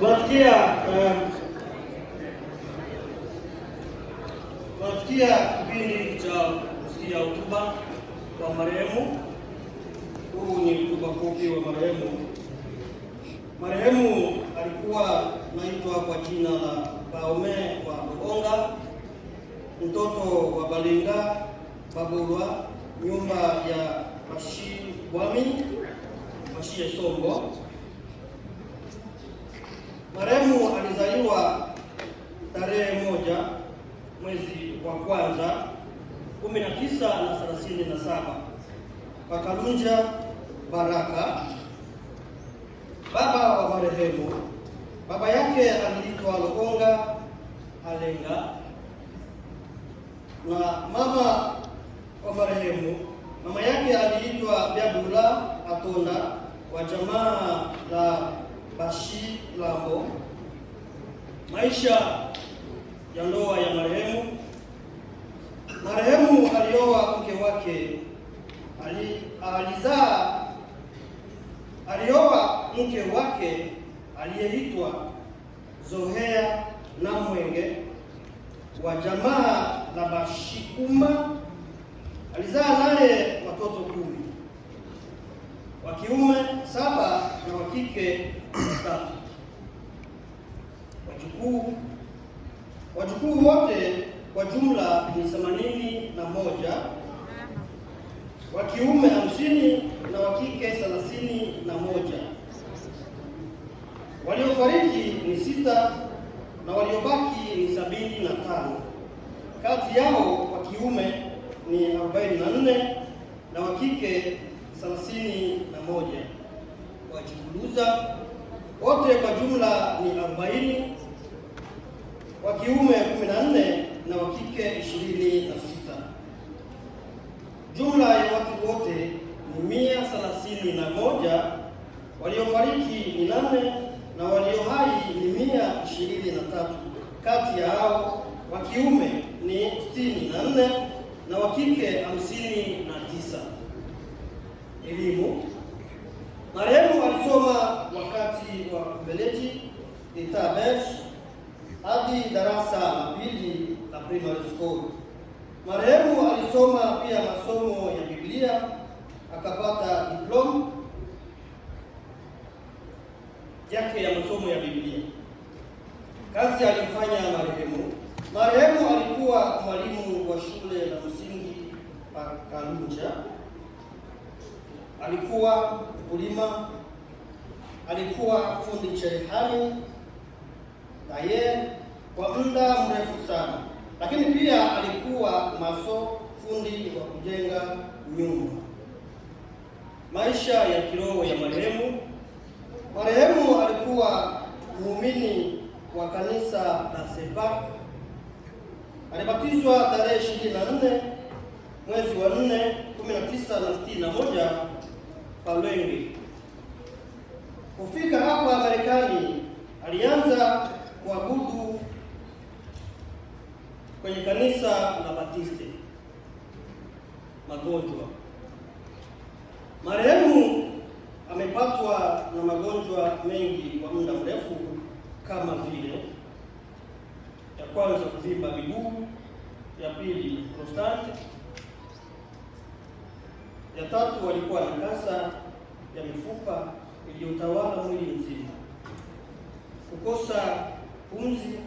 Tunafikia tunafikia um, kipindi cha kusikia hotuba wa marehemu. Huu ni hotuba fupi wa marehemu. Marehemu alikuwa naitwa kwa jina la baome wa Lugonga, mtoto wa Balinga Baburwa, nyumba ya Mashi Bwami Mashi Sombo Ilikuwa tarehe moja mwezi wa kwanza 19 na 37 Pakalunja Baraka, baba wa marehemu, baba yake aliitwa lokonga Alenga na mama wa marehemu, mama yake aliitwa Byabula Atonda wa jamaa la Bashi Lambo. Maisha ya ndoa ya marehemu. Marehemu alioa mke wake ali, alizaa alioa mke wake aliyeitwa Zohea na mwenge wa jamaa la Bashikuma. Alizaa naye watoto kumi wa kiume saba na wa kike wajukuu wajukuu wote kwa jumla ni themanini na moja wa kiume hamsini na wa kike thelathini na moja Waliofariki ni sita na waliobaki ni sabini na tano Kati yao wa kiume ni arobaini na nne na wa kike thelathini na moja Wajikuluza wote kwa jumla ni arobaini wa kiume 14 na wa kike 26. Jumla ya watu wote ni mia thelathini na moja, waliofariki ni nane na walio hai ni mia ishirini na tatu. Kati ya hao wa kiume ni sitini na nne na wa kike hamsini na tisa. Elimu. Marehemu alisoma wakati wa Kubeleti Itabesh hadi darasa la pili la primary school. Marehemu alisoma pia masomo ya Biblia akapata diploma yake ya masomo ya Biblia. Kazi alifanya marehemu. Marehemu alikuwa mwalimu wa shule la msingi Pakalunja, alikuwa mkulima, alikuwa fundi cherehani na yeye kwa muda mrefu sana, lakini pia alikuwa maso fundi wa kujenga nyumba. Maisha ya kiroho ya marehemu. Marehemu alikuwa muumini wa kanisa la Sepa. Alibatizwa tarehe 24 mwezi wa 4 1961 Palwengi. kuabudu kwenye kanisa la batiste Magonjwa. Marehemu amepatwa na magonjwa mengi kwa muda mrefu, kama vile ya kwanza kuvimba miguu, ya pili prostate, ya tatu walikuwa na kansa ya mifupa iliyotawala mwili mzima, kukosa pumzi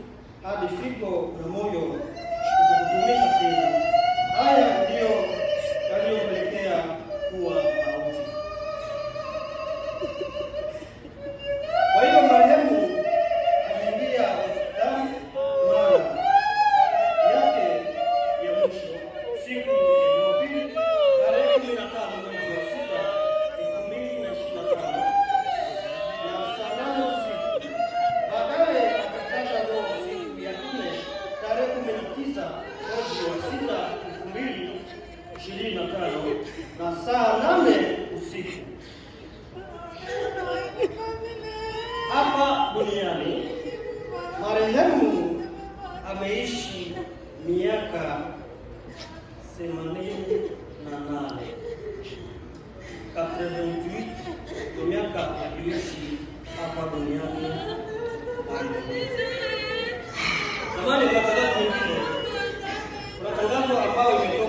hadi figo na moyo kutumika tena. Haya ndiyo na saa nane usiku hapa duniani. Marehemu ameishi miaka themanini na nane kwa miaka aliishi hapa duniani. Jamani, matangazo mengine kuna tangazo ambayo